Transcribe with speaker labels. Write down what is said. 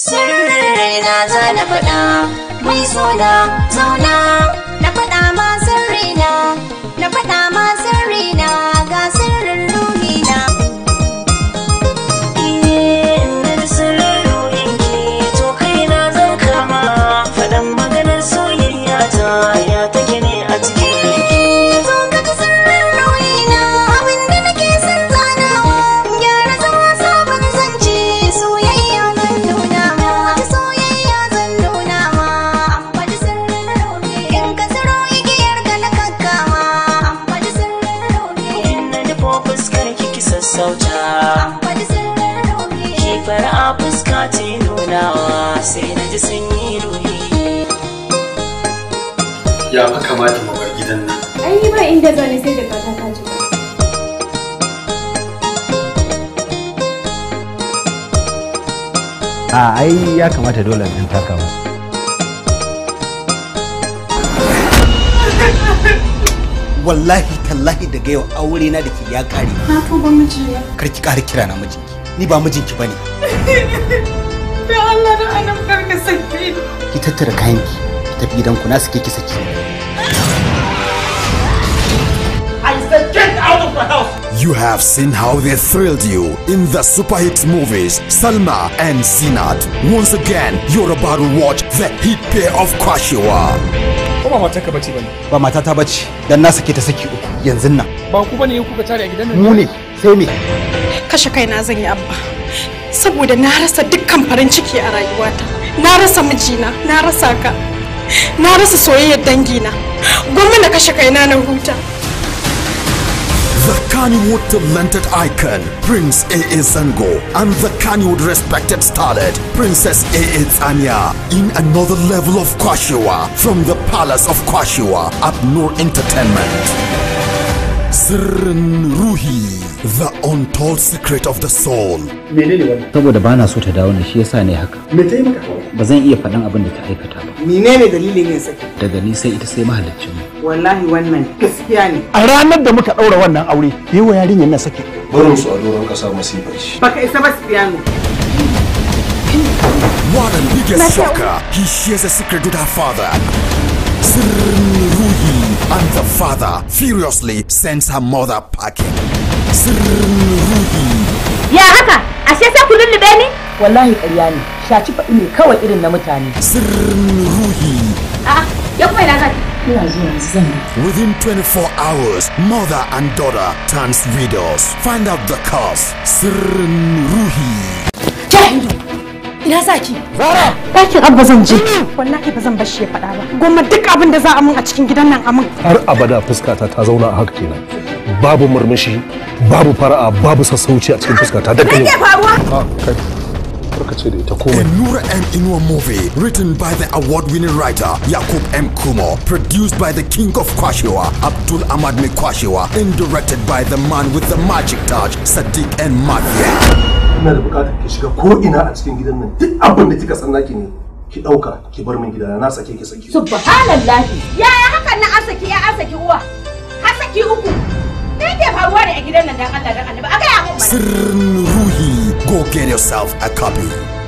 Speaker 1: Sirrin na zana faɗa, mai suna zauna. Sauta kifar a fuska ce nunawa sai na ji sun yi ruhi ya fi kamata mawar gidan nan an yi ba inda zane sai da fata ta ji a ai ya kamata dole in taka ba wallahi tallahi daga yau aure na da ke ya kare na ba miji kar ki ƙara kira na miji ni ba ki bane Ya Allah da anan karka ka sake ki tattara kayanki ki tafi gidanku na sake ki saki I said get out of my house You have seen how they thrilled you in the super hit movies Salma and Sinat. Once again, you're about to watch the hit pair of Kashiwa. ko ba matarka bace bane ba matata bace dan na sake ta saki uku yanzu nan ba ku bane kuka tare a gidan nan mu ne sai me kashe kaina zan yi abba saboda na rasa dukkan farin ciki a rayuwata na rasa mijina na rasa ka na rasa soyayyar dangina gwamna kashe kaina na huta The Kannywood talented icon, Prince A.A. Zango, and the Kannywood respected starlet, Princess A.A. Tanya, in another level of Kwashiwa, from the palace of Kwashiwa at Noor Entertainment. Sirrin Ruhi, the untold secret of the soul. Menene wannan? bana so ta dawo ne shi haka. Me ba zan iya faɗan abin da ta aikata ba. Menene dalilin yin saki? Daga ni sai ita sai mahaliccin mu. Wallahi wannan gaskiya ne. A ranar da muka ɗaura wannan aure, yawa yarinyar na saki. Barin su a doron ƙasa masifar shi. Baka isa ba Sufiyanu. What a biggest shocker! He shares a secret with her father. Sirrin Ruhi and the father furiously sends her mother packing. Sirrin Ruhi. Ya haka, ashe sai ku lullube ni? Wallahi ƙarya ne. shaci faɗi ne kawai irin na mutane sirrin ruhi A'a, ya kuma ina zaki Within 24 hours, mother and daughter turns widows. Find out the cause. Sirrin Ruhi. Jahilu, ina zaki zara ɗakin abba zan je kai mm. ba zan bashi ya faɗa ba goma duk abin da za a mun a cikin gidan nan amin har abada fuskata ta zauna a haka kenan babu murmushi babu fara'a babu sassauci a cikin fuskata da ke faruwa ah, aka ce da e ita komai Nura M Inuwa movie written by the award-winning writer Yakub M Kumo produced by the king of Kwashewa Abdul Ahmad Kwashewa and directed by the man with the magic touch Sadiq N Mafia ina da bukatar ki shiga ko ina a cikin gidan nan duk abin da kika sanna ki ne ki dauka ki bar min gidana na sake ki saki subhanallahi yaya hakan na asaki ya asaki uwa asaki uku me ke faruwa da gidan nan dan Allah dan Annabi a ga ya mun sirrin ruhi go get yourself a copy.